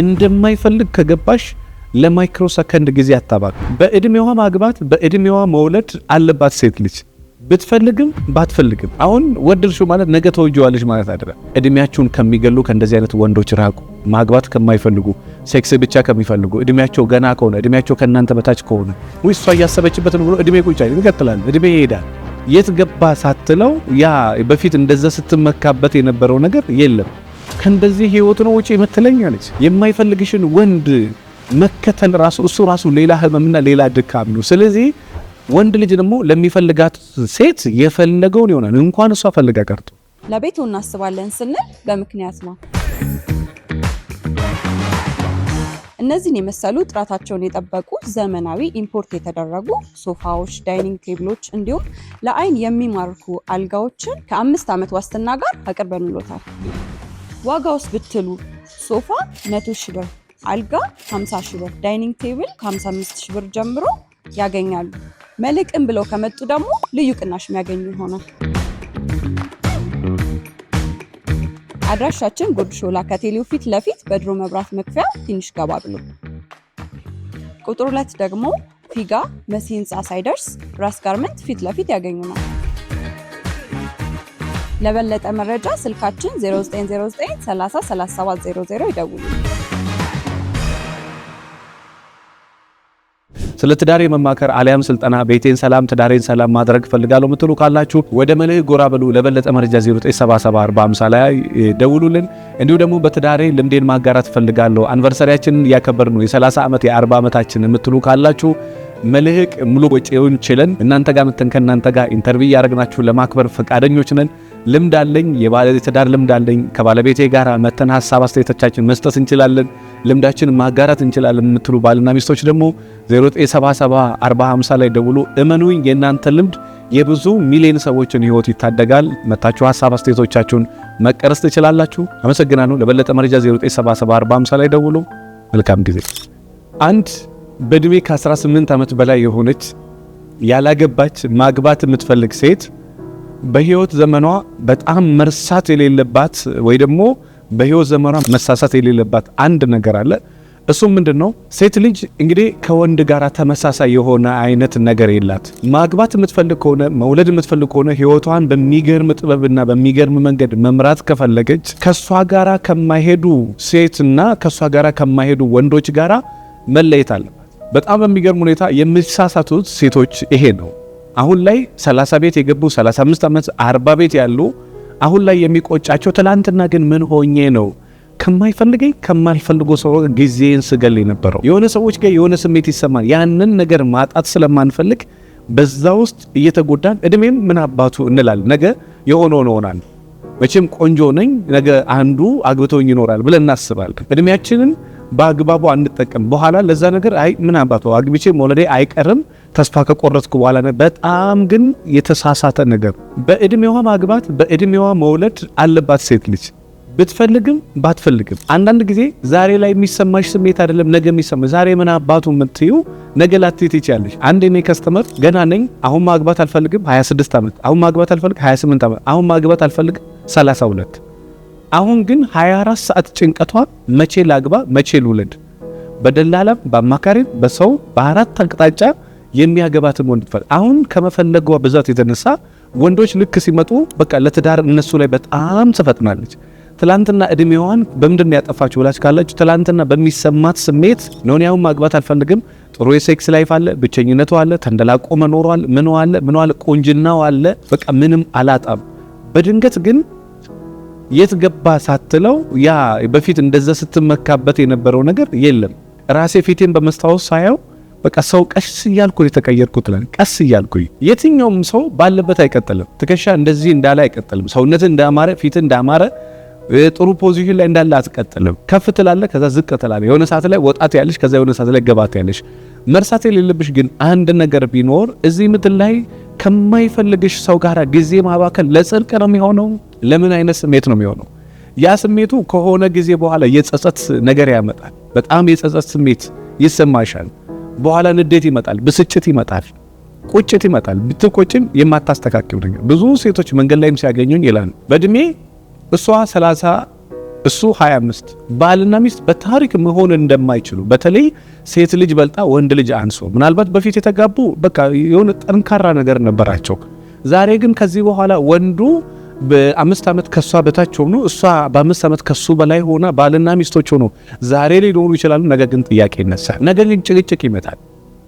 እንደማይፈልግ ከገባሽ ለማይክሮሰከንድ ጊዜ አታባቅ። በእድሜዋ ማግባት በእድሜዋ መውለድ አለባት ሴት ልጅ ብትፈልግም ባትፈልግም። አሁን ወደድሽው ማለት ነገ ተወጂዋለሽ ማለት አይደለም። እድሜያችሁን ከሚገሉ ከእንደዚህ አይነት ወንዶች ራቁ። ማግባት ከማይፈልጉ ሴክስ ብቻ ከሚፈልጉ እድሜያቸው ገና ከሆነ እድሜያቸው ከእናንተ በታች ከሆነ ወይ እሷ እያሰበችበት ነው ብሎ እድሜ ቁጫ ይቀጥላል። እድሜ ይሄዳል። የት ገባ ሳትለው ያ በፊት እንደዛ ስትመካበት የነበረው ነገር የለም። ከእንደዚህ ህይወት ነው ውጪ የምትለኝ አለች። የማይፈልግሽን ወንድ መከተል ራሱ እሱ ራሱ ሌላ ህመምና ሌላ ድካም ነው። ስለዚህ ወንድ ልጅ ደግሞ ለሚፈልጋት ሴት የፈለገውን ይሆናል። እንኳን እሷ ፈልጋ ቀርቶ ለቤቱ እናስባለን ስንል በምክንያት ነው። እነዚህን የመሰሉ ጥራታቸውን የጠበቁ ዘመናዊ ኢምፖርት የተደረጉ ሶፋዎች፣ ዳይኒንግ ቴብሎች እንዲሁም ለአይን የሚማርኩ አልጋዎችን ከአምስት ዓመት ዋስትና ጋር አቅርበንሎታል። ዋጋ ውስጥ ብትሉ ሶፋ 100 ሺ ብር፣ አልጋ 50 ሺ ብር፣ ዳይኒንግ ቴብል ከ55 ሺ ብር ጀምሮ ያገኛሉ። መልሕቅን ብለው ከመጡ ደግሞ ልዩ ቅናሽ የሚያገኙ ይሆናል። አድራሻችን ጉርድ ሾላ ከቴሌው ፊት ለፊት በድሮ መብራት መክፈያ ትንሽ ገባ ብሎ፣ ቁጥር ሁለት ደግሞ ፊጋ መሲ ህንፃ ሳይደርስ ራስ ጋርመንት ፊት ለፊት ያገኙናል። ለበለጠ መረጃ ስልካችን 0909303700 ይደውሉ። ስለ ትዳር የመማከር አሊያም ስልጠና ቤቴን ሰላም ትዳሬን ሰላም ማድረግ ፈልጋለሁ ምትሉ ካላችሁ ወደ መልህ ጎራ በሉ። ለበለጠ መረጃ 09774050 ላይ ደውሉልን። እንዲሁ ደግሞ በትዳሬ ልምዴን ማጋራት ፈልጋለሁ አንቨርሰሪያችንን እያከበር ነው የ30 ዓመት የ40 ዓመታችን የምትሉ ካላችሁ መልህቅ ሙሉ ወጪውን ችለን እናንተ ጋር መተን ከእናንተ ጋር ኢንተርቪው እያደረግናችሁ ለማክበር ፈቃደኞች ነን። ልምድ አለኝ፣ የትዳር ልምድ አለኝ፣ ከባለቤቴ ጋር መተን ሀሳብ አስተያየቶቻችን መስጠት እንችላለን፣ ልምዳችን ማጋራት እንችላለን የምትሉ ባልና ሚስቶች ደግሞ 0977450 ላይ ደውሉ። እመኑኝ የእናንተ ልምድ የብዙ ሚሊዮን ሰዎችን ህይወት ይታደጋል። መታችሁ ሀሳብ አስተያየቶቻችሁን መቀረስ ትችላላችሁ። አመሰግናለሁ። ለበለጠ መረጃ 0977450 ላይ ደውሉ። መልካም ጊዜ። አንድ በእድሜ ከ18 ዓመት በላይ የሆነች ያላገባች ማግባት የምትፈልግ ሴት በህይወት ዘመኗ በጣም መርሳት የሌለባት ወይ ደግሞ በህይወት ዘመኗ መሳሳት የሌለባት አንድ ነገር አለ። እሱም ምንድን ነው? ሴት ልጅ እንግዲህ ከወንድ ጋር ተመሳሳይ የሆነ አይነት ነገር የላት። ማግባት የምትፈልግ ከሆነ መውለድ የምትፈልግ ከሆነ ህይወቷን በሚገርም ጥበብና በሚገርም መንገድ መምራት ከፈለገች ከእሷ ጋር ከማይሄዱ ሴትና ከእሷ ጋር ከማይሄዱ ወንዶች ጋር መለየት አለባት። በጣም በሚገርም ሁኔታ የሚሳሳቱት ሴቶች ይሄ ነው። አሁን ላይ 30 ቤት የገቡ 35 ዓመት 40 ቤት ያሉ አሁን ላይ የሚቆጫቸው ትላንትና ግን ምን ሆኜ ነው ከማይፈልገኝ ከማልፈልጎ ሰው ጊዜን ስገል የነበረው የሆነ ሰዎች ጋር የሆነ ስሜት ይሰማል። ያንን ነገር ማጣት ስለማንፈልግ በዛ ውስጥ እየተጎዳን እድሜም ምን አባቱ እንላል። ነገ የሆነው ሆናል። መቼም ቆንጆ ነኝ፣ ነገ አንዱ አግብቶኝ ይኖራል ብለን እናስባለን። እድሜያችንን በአግባቡ አንጠቀም። በኋላ ለዛ ነገር አይ ምን አባቱ አግብቼ መውለዴ አይቀርም ተስፋ ከቆረጥኩ በኋላ በጣም ግን የተሳሳተ ነገር በእድሜዋ ማግባት በእድሜዋ መውለድ አለባት ሴት ልጅ ብትፈልግም ባትፈልግም። አንዳንድ ጊዜ ዛሬ ላይ የሚሰማሽ ስሜት አይደለም ነገ የሚሰማ ዛሬ ምን አባቱ የምትዩ ነገ ላትይ ትችያለሽ። አንድ እኔ ከስተመር ገና ነኝ። አሁን ማግባት አልፈልግም 26 ዓመት፣ አሁን ማግባት አልፈልግ 28 ዓመት፣ አሁን ማግባት አልፈልግ 32። አሁን ግን 24 ሰዓት ጭንቀቷ መቼ ላግባ፣ መቼ ልውለድ፣ በደላላም በአማካሪም በሰው በአራት አቅጣጫ የሚያገባትን ወንድ ትፈልግ። አሁን ከመፈለጓ ብዛት የተነሳ ወንዶች ልክ ሲመጡ በቃ ለትዳር እነሱ ላይ በጣም ትፈጥናለች። ትላንትና እድሜዋን በምንድን ያጠፋችሁ ብላች ካላችሁ ትላንትና በሚሰማት ስሜት ነውን ያሁን ማግባት አልፈልግም። ጥሩ የሴክስ ላይፍ አለ፣ ብቸኝነቱ አለ፣ ተንደላቆ መኖሩ አለ፣ አለ፣ ምን አለ፣ ቆንጅናው አለ፣ በቃ ምንም አላጣም። በድንገት ግን የት ገባ ሳትለው ያ በፊት እንደዛ ስትመካበት የነበረው ነገር የለም። ራሴ ፊቴን በመስታወስ ሳየው በቃ ሰው ቀስ እያልኩ የተቀየርኩት ላል ቀስ እያልኩ የትኛውም ሰው ባለበት አይቀጥልም። ትከሻ እንደዚህ እንዳለ አይቀጥልም። ሰውነት እንዳማረ ፊት እንዳማረ ጥሩ ፖዚሽን ላይ እንዳለ አትቀጥልም። ከፍ ትላለ፣ ከዛ ዝቅ ትላለ። የሆነ ሰዓት ላይ ወጣት ያለሽ፣ ከዛ የሆነ ሰዓት ላይ ገባት ያለሽ። መርሳት የሌለብሽ ግን አንድ ነገር ቢኖር እዚህ ምድር ላይ ከማይፈልግሽ ሰው ጋር ጊዜ ማባከል ለጽድቅ ነው የሚሆነው? ለምን አይነት ስሜት ነው የሚሆነው? ያ ስሜቱ ከሆነ ጊዜ በኋላ የጸጸት ነገር ያመጣል። በጣም የጸጸት ስሜት ይሰማሻል። በኋላ ንዴት ይመጣል፣ ብስጭት ይመጣል፣ ቁጭት ይመጣል። ብትቆጭም የማታስተካክል ነገር ብዙ ሴቶች መንገድ ላይም ሲያገኙኝ ይላል በእድሜ እሷ 30 እሱ 25 ባልና ሚስት በታሪክ መሆን እንደማይችሉ በተለይ ሴት ልጅ በልጣ ወንድ ልጅ አንሶ ምናልባት በፊት የተጋቡ በቃ የሆነ ጠንካራ ነገር ነበራቸው። ዛሬ ግን ከዚህ በኋላ ወንዱ በአምስት ዓመት ከሷ በታች ሆኑ፣ እሷ በአምስት ዓመት ከሱ በላይ ሆና ባልና ሚስቶች ሆኖ ዛሬ ላይ ሊኖሩ ይችላሉ። ነገር ግን ጥያቄ ይነሳል። ነገር ግን ጭቅጭቅ ይመጣል።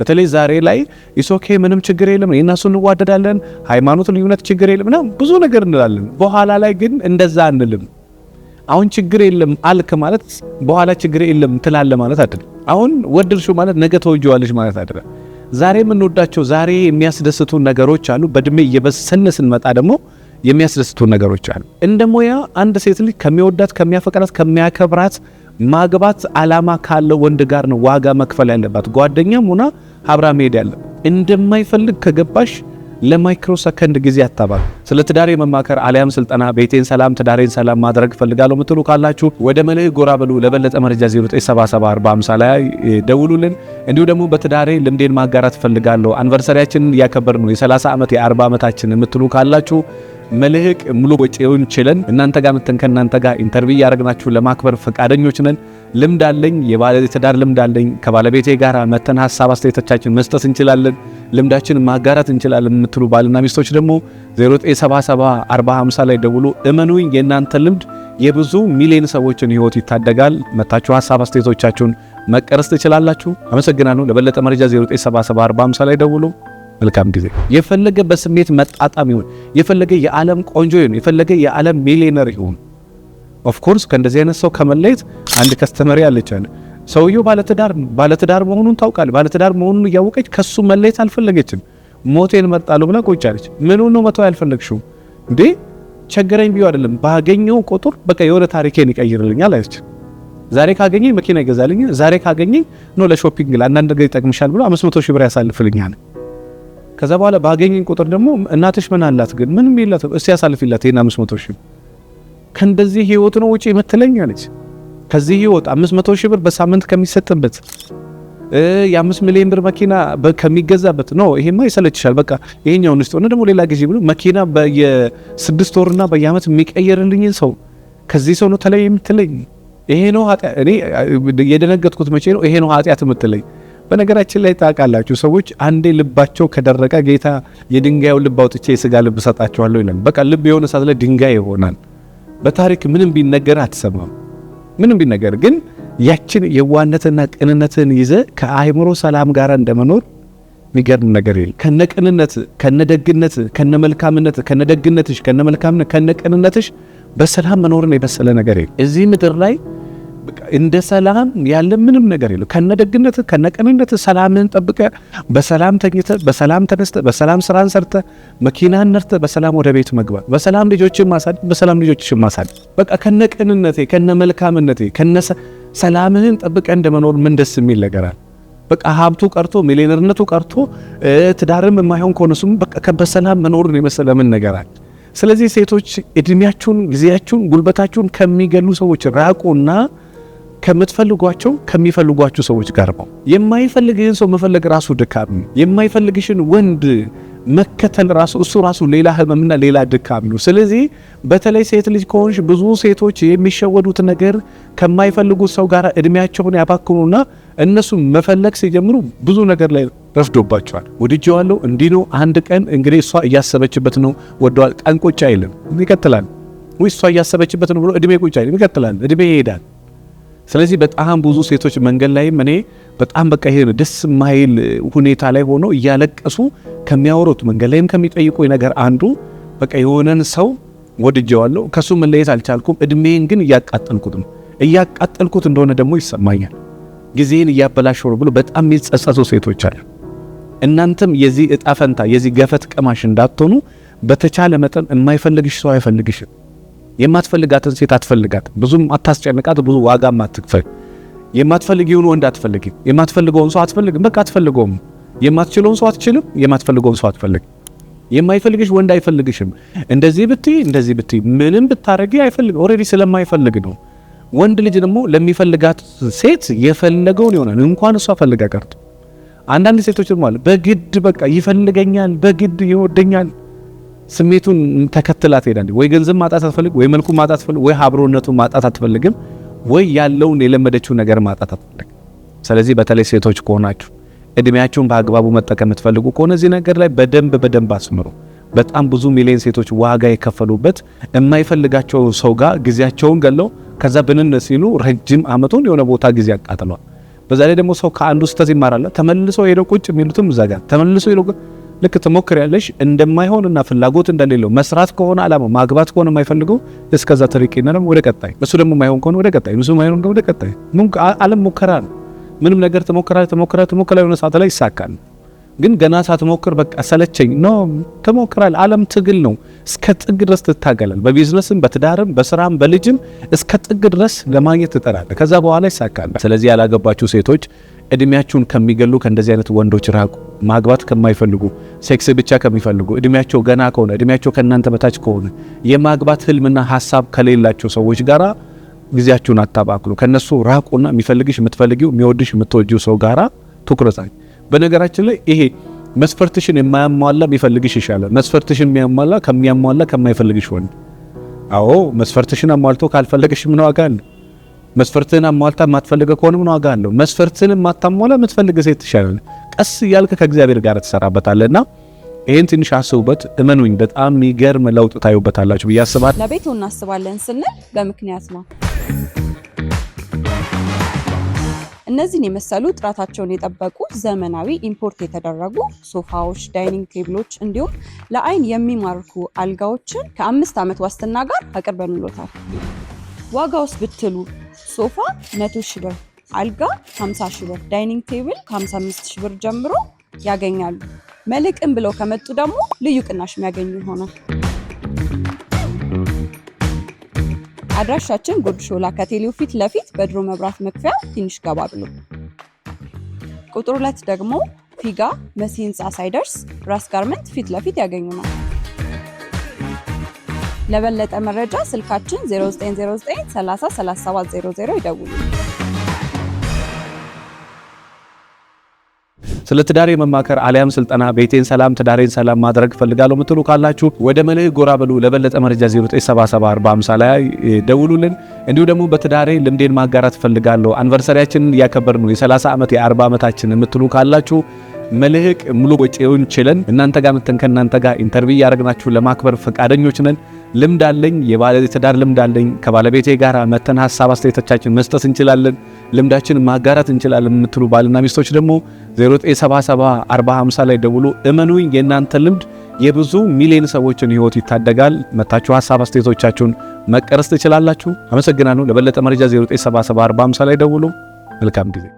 በተለይ ዛሬ ላይ ኢሶኬ ምንም ችግር የለም የእናሱ እንዋደዳለን፣ ሃይማኖት ልዩነት ችግር የለም እና ብዙ ነገር እንላለን። በኋላ ላይ ግን እንደዛ አንልም። አሁን ችግር የለም አልክ ማለት በኋላ ችግር የለም ትላለ ማለት አይደለም። አሁን ወደድሽው ማለት ነገ ተወጀዋለሽ ማለት አይደለም። ዛሬ የምንወዳቸው ዛሬ የሚያስደስቱ ነገሮች አሉ። በእድሜ እየበሰነ ስንመጣ ደግሞ የሚያስደስቱ ነገሮች አሉ። እንደ ሙያ አንድ ሴት ልጅ ከሚወዳት፣ ከሚያፈቅራት፣ ከሚያከብራት ማግባት አላማ ካለው ወንድ ጋር ነው ዋጋ መክፈል ያለባት። ጓደኛም ሆና አብራ መሄድ ያለ እንደማይፈልግ ከገባሽ ለማይክሮ ሰከንድ ጊዜ አታባል። ስለ ትዳሬ መማከር አሊያም ስልጠና ቤቴን ሰላም ትዳሬን ሰላም ማድረግ ፈልጋለሁ ምትሉ ካላችሁ ወደ መልህ ጎራ ብሉ። ለበለጠ መረጃ 09774050 ላይ ደውሉልን። እንዲሁ ደግሞ በትዳሬ ልምዴን ማጋራት ፈልጋለሁ፣ አንቨርሰሪያችንን እያከበር ነው የ30 ዓመት የ40 ዓመታችን የምትሉ ካላችሁ መልህቅ ሙሉ ወጪውን ችለን እናንተ ጋር መተን ከእናንተ ጋር ኢንተርቪው እያደረግናችሁ ለማክበር ፈቃደኞች ነን። ልምድ አለኝ፣ የባለትዳር ልምድ አለኝ። ከባለቤቴ ጋር መተን ሀሳብ አስተያየቶቻችን መስጠት እንችላለን፣ ልምዳችን ማጋራት እንችላለን የምትሉ ባልና ሚስቶች ደግሞ 0977450 ላይ ደውሉ። እመኑኝ የእናንተ ልምድ የብዙ ሚሊዮን ሰዎችን ህይወት ይታደጋል። መታችሁ ሀሳብ አስተያየቶቻችሁን መቀረስ ትችላላችሁ። አመሰግናለሁ። ለበለጠ መረጃ 0977450 ላይ ደውሉ። መልካም ጊዜ። የፈለገ በስሜት መጣጣም ይሁን፣ የፈለገ የዓለም ቆንጆ ይሁን፣ የፈለገ የዓለም ሚሊዮነር ይሁን፣ ኦፍኮርስ ከእንደዚህ አይነት ሰው ከመለየት አንድ ከስተመሪ አለች ሰውየው ባለትዳር ባለትዳር መሆኑን ታውቃል። ባለትዳር መሆኑን እያወቀች ከሱ መለየት አልፈለገችም። ሞቴን መርጣለሁ ብላ ቆጫለች። ምን ነው መተው ያልፈለግሽው እንዴ? ቸገረኝ ቢዩ አይደለም ባገኘው ቁጥር በቃ የሆነ ታሪኬን ይቀይርልኛል አለች። ዛሬ ካገኘኝ መኪና ይገዛልኝ፣ ዛሬ ካገኘኝ ነው ለሾፒንግ ለአንዳንድ ነገር ይጠቅምሻል ብሎ 500 ሺህ ብር ያሳልፍልኛል። ከዛ በኋላ ባገኘኝ ቁጥር ደግሞ እናትሽ ምን አላት ግን ምንም የላትም፣ እስቲ ያሳልፊላት ይሄን 500 ሺህ ከእንደዚህ ህይወት ነው ውጪ የምትለኝ አለች። ከዚህ ህይወት 500 ሺህ ብር በሳምንት ከሚሰጥበት የአምስት ሚሊዮን ብር መኪና ከሚገዛበት ነው። ይሄማ ይሰለችሻል፣ በቃ ይሄኛውን ውስጥ ሆነ ደግሞ ሌላ ጊዜ ብሎ መኪና በየስድስት ወርና በየአመት የሚቀየርልኝ ሰው ከዚህ ሰው ነው ተለይ የምትለኝ። ይሄ ነው ኃጢአት። እኔ የደነገጥኩት መቼ ነው? ይሄ ነው ኃጢአት የምትለኝ በነገራችን ላይ ታውቃላችሁ፣ ሰዎች አንዴ ልባቸው ከደረቀ ጌታ የድንጋዩ ልብ አውጥቼ የስጋ ልብ ሰጣችኋለሁ ይላል። በቃ ልብ የሆነ ሰዓት ላይ ድንጋይ ይሆናል። በታሪክ ምንም ቢነገር አትሰማም። ምንም ቢነገር ግን ያችን የዋነትና ቅንነትን ይዘ ከአእምሮ ሰላም ጋር እንደመኖር የሚገርም ነገር ይል ከነ ቅንነት ከነ ደግነት ከነ መልካምነት ከነ ደግነትሽ ከነ መልካምነት ከነ ቅንነትሽ በሰላም መኖርን የመሰለ ነገር ይል እዚህ ምድር ላይ እንደ ሰላም ያለ ምንም ነገር የለው። ከነደግነት ከነቀንነት ሰላምን ጠብቀ በሰላም ተኝተ በሰላም ተነስተ በሰላም ስራን ሰርተ መኪናን ነርተ በሰላም ወደ ቤት መግባት በሰላም ልጆችን ማሳደግ በሰላም ልጆችን ማሳደግ በቃ ከነቀንነት ከነመልካምነቴ ከነ ሰላምህን ጠብቀ እንደመኖር ምን ደስ የሚል ነገራል። በቃ ሀብቱ ቀርቶ ሚሊነርነቱ ቀርቶ ትዳርም የማይሆን ከሆነሱም በቃ በሰላም መኖርን የመሰለ ምን ነገራል። ስለዚህ ሴቶች እድሜያችሁን፣ ጊዜያችሁን፣ ጉልበታችሁን ከሚገሉ ሰዎች ራቁና ከምትፈልጓቸው ከሚፈልጓቸው ሰዎች ጋር ነው። የማይፈልግህን ሰው መፈለግ ራሱ ድካም፣ የማይፈልግሽን ወንድ መከተል ራሱ እሱ ራሱ ሌላ ህመምና ሌላ ድካም ነው። ስለዚህ በተለይ ሴት ልጅ ከሆንሽ ብዙ ሴቶች የሚሸወዱት ነገር ከማይፈልጉት ሰው ጋር እድሜያቸውን ያባክኑና እነሱን መፈለግ ሲጀምሩ ብዙ ነገር ላይ ረፍዶባቸዋል። ወድጄዋለሁ እንዲህ ነው። አንድ ቀን እንግዲህ እሷ እያሰበችበት ነው ወደዋል። ቀን ቁጭ አይልም ይቀጥላል። ወይ እሷ እያሰበችበት ነው ብሎ እድሜ ቁጭ አይልም ይቀጥላል። እድሜ ይሄዳል። ስለዚህ በጣም ብዙ ሴቶች መንገድ ላይም እኔ በጣም በቃ ይሄ ደስ የማይል ሁኔታ ላይ ሆኖ እያለቀሱ ከሚያወሩት መንገድ ላይም ከሚጠይቁ ነገር አንዱ በቃ የሆነን ሰው ወድጀዋለሁ፣ ከሱ መለየት አልቻልኩም፣ እድሜን ግን እያቃጠልኩት ነው እያቃጠልኩት እንደሆነ ደግሞ ይሰማኛል፣ ጊዜን እያበላሸው ብሎ በጣም የሚጸጸሱ ሴቶች አለ። እናንተም የዚህ እጣ ፈንታ የዚህ ገፈት ቀማሽ እንዳትሆኑ በተቻለ መጠን የማይፈልግሽ ሰው አይፈልግሽም። የማትፈልጋትን ሴት አትፈልጋት፣ ብዙም አታስጨንቃት፣ ብዙ ዋጋም አትክፈል። የማትፈልጊውን ወንድ አትፈልጊ፣ የማትፈልገውን ሰው አትፈልግም፣ በቃ አትፈልገውም። የማትችለውን ሰው አትችልም፣ የማትፈልገውን ሰው አትፈልግ። የማይፈልግሽ ወንድ አይፈልግሽም። እንደዚህ ብትይ፣ እንደዚህ ብትይ፣ ምንም ብታረጊ አይፈልግ፣ ኦልሬዲ ስለማይፈልግ ነው። ወንድ ልጅ ደግሞ ለሚፈልጋት ሴት የፈለገውን ይሆናል። እንኳን እሷ ፈልጋ ቀርቶ አንዳንድ ሴቶች ደግሞ አለ በግድ በቃ ይፈልገኛል፣ በግድ ይወደኛል ስሜቱን ተከትላት ሄዳለች። ወይ ገንዘብ ማጣት አትፈልግ፣ ወይ መልኩ ማጣት አትፈልግ፣ ወይ አብሮነቱን ማጣት አትፈልግም፣ ወይ ያለውን የለመደችው ነገር ማጣት አትፈልግ። ስለዚህ በተለይ ሴቶች ከሆናችሁ እድሜያችሁን በአግባቡ መጠቀም የምትፈልጉ ከሆነ እዚህ ነገር ላይ በደንብ በደንብ አስምሩ። በጣም ብዙ ሚሊዮን ሴቶች ዋጋ የከፈሉበት የማይፈልጋቸው ሰው ጋር ጊዜያቸውን ገለው ከዛ ብንን ሲሉ ረጅም አመቱን የሆነ ቦታ ጊዜ ያቃጥለዋል። በዛ ላይ ደግሞ ሰው ከአንዱ ስህተት ይማራል። ተመልሶ ሄደው ቁጭ የሚሉትም እዛ ጋር ተመልሶ ሄደው ልክ ትሞክሪያለሽ እንደማይሆንና ፍላጎት እንደሌለው መስራት ከሆነ አላማ ማግባት ከሆነ የማይፈልገው እስከዛ ትርቂና ይነረም ወደ ቀጣይ እሱ ደግሞ የማይሆን ከሆነ ወደ ቀጣይ እሱ የማይሆን ከሆነ ወደ ቀጣይ አለም ሙከራ ነው። ምንም ነገር ትሞክራ ትሞክራ ትሞክራ የሆነ ሰዓት ላይ ይሳካል። ግን ገና ሳትሞክር በቃ ሰለቸኝ ኖ ትሞክራል። አለም ትግል ነው። እስከ ጥግ ድረስ ትታገላል። በቢዝነስም፣ በትዳርም፣ በስራም፣ በልጅም እስከ ጥግ ድረስ ለማግኘት ትጠራለ። ከዛ በኋላ ይሳካል። ስለዚህ ያላገባችሁ ሴቶች እድሜያቸውን ከሚገሉ ከእንደዚህ አይነት ወንዶች ራቁ። ማግባት ከማይፈልጉ ሴክስ ብቻ ከሚፈልጉ እድሜያቸው ገና ከሆነ እድሜያቸው ከእናንተ በታች ከሆነ የማግባት ህልምና ሀሳብ ከሌላቸው ሰዎች ጋራ ጊዜያችሁን አታባክሉ። ከነሱ ራቁና የሚፈልግሽ የምትፈልጊው የሚወድሽ የምትወጂው ሰው ጋራ ትኩረት። በነገራችን ላይ ይሄ መስፈርትሽን የማያሟላ የሚፈልግሽ ይሻላል። መስፈርትሽን የሚያሟላ ከሚያሟላ ከማይፈልግሽ ወንድ። አዎ መስፈርትሽን አሟልቶ ካልፈለገሽ ምን ዋጋ አለ? መስፈርትህን አሟልታ የማትፈልገ ከሆነ ምን ዋጋ አለው? መስፈርትህን የማታሟላ የምትፈልገ ሴት ትሻላል። ቀስ እያልክ ከእግዚአብሔር ጋር ትሰራበታለና ይህን ትንሽ አስቡበት። እመኑኝ በጣም የሚገርም ለውጥ ታዩበታላችሁ ብዬ አስባለሁ። ለቤቱ እናስባለን ስንል በምክንያት ነው። እነዚህን የመሰሉ ጥራታቸውን የጠበቁ ዘመናዊ ኢምፖርት የተደረጉ ሶፋዎች፣ ዳይኒንግ ቴብሎች እንዲሁም ለአይን የሚማርኩ አልጋዎችን ከአምስት ዓመት ዋስትና ጋር አቅርበንሎታል። ዋጋውስ ብትሉ ሶፋ 100 ሺህ ብር፣ አልጋ 50 ሺህ ብር፣ ዳይኒንግ ቴብል ከ55 ሺህ ብር ጀምሮ ያገኛሉ። መልሕቅን ብለው ከመጡ ደግሞ ልዩ ቅናሽ የሚያገኙ ይሆናል። አድራሻችን ጉርድ ሾላ ከቴሌው ፊት ለፊት በድሮ መብራት መክፈያ ትንሽ ገባ ብሎ ቁጥር ሁለት ደግሞ ፊጋ መሲ ህንፃ ሳይደርስ ራስ ጋርመንት ፊት ለፊት ያገኙናል። ለበለጠ መረጃ ስልካችን 0909303700 ይደውሉ። ስለ ትዳሬ መማከር አሊያም ስልጠና ቤቴን ሰላም ትዳሬን ሰላም ማድረግ ፈልጋለሁ ምትሉ ካላችሁ ወደ መልህ ጎራ በሉ። ለበለጠ መረጃ 09774050 ላይ ደውሉልን። እንዲሁ ደግሞ በትዳሬ ልምዴን ማጋራት ፈልጋለሁ፣ አንቨርሰሪያችንን እያከበር ነው የ30 ዓመት የ40 ዓመታችን የምትሉ ካላችሁ መልህቅ ሙሉ ወጪውን ችለን እናንተ ጋር መተን ከእናንተ ጋር ኢንተርቪው ያደረግናችሁ ለማክበር ፈቃደኞች ነን። ልምድ አለኝ፣ የትዳር ልምድ አለኝ። ከባለቤቴ ጋር መተን ሀሳብ አስተያየቶቻችን መስጠት እንችላለን፣ ልምዳችን ማጋራት እንችላለን የምትሉ ባልና ሚስቶች ደግሞ 0977450 ላይ ደውሉ። እመኑኝ የእናንተ ልምድ የብዙ ሚሊዮን ሰዎችን ህይወት ይታደጋል። መታችሁ ሀሳብ አስተያየቶቻችሁን መቀረስ ትችላላችሁ። አመሰግናለሁ። ለበለጠ መረጃ 0977450 ላይ ደውሉ። መልካም ጊዜ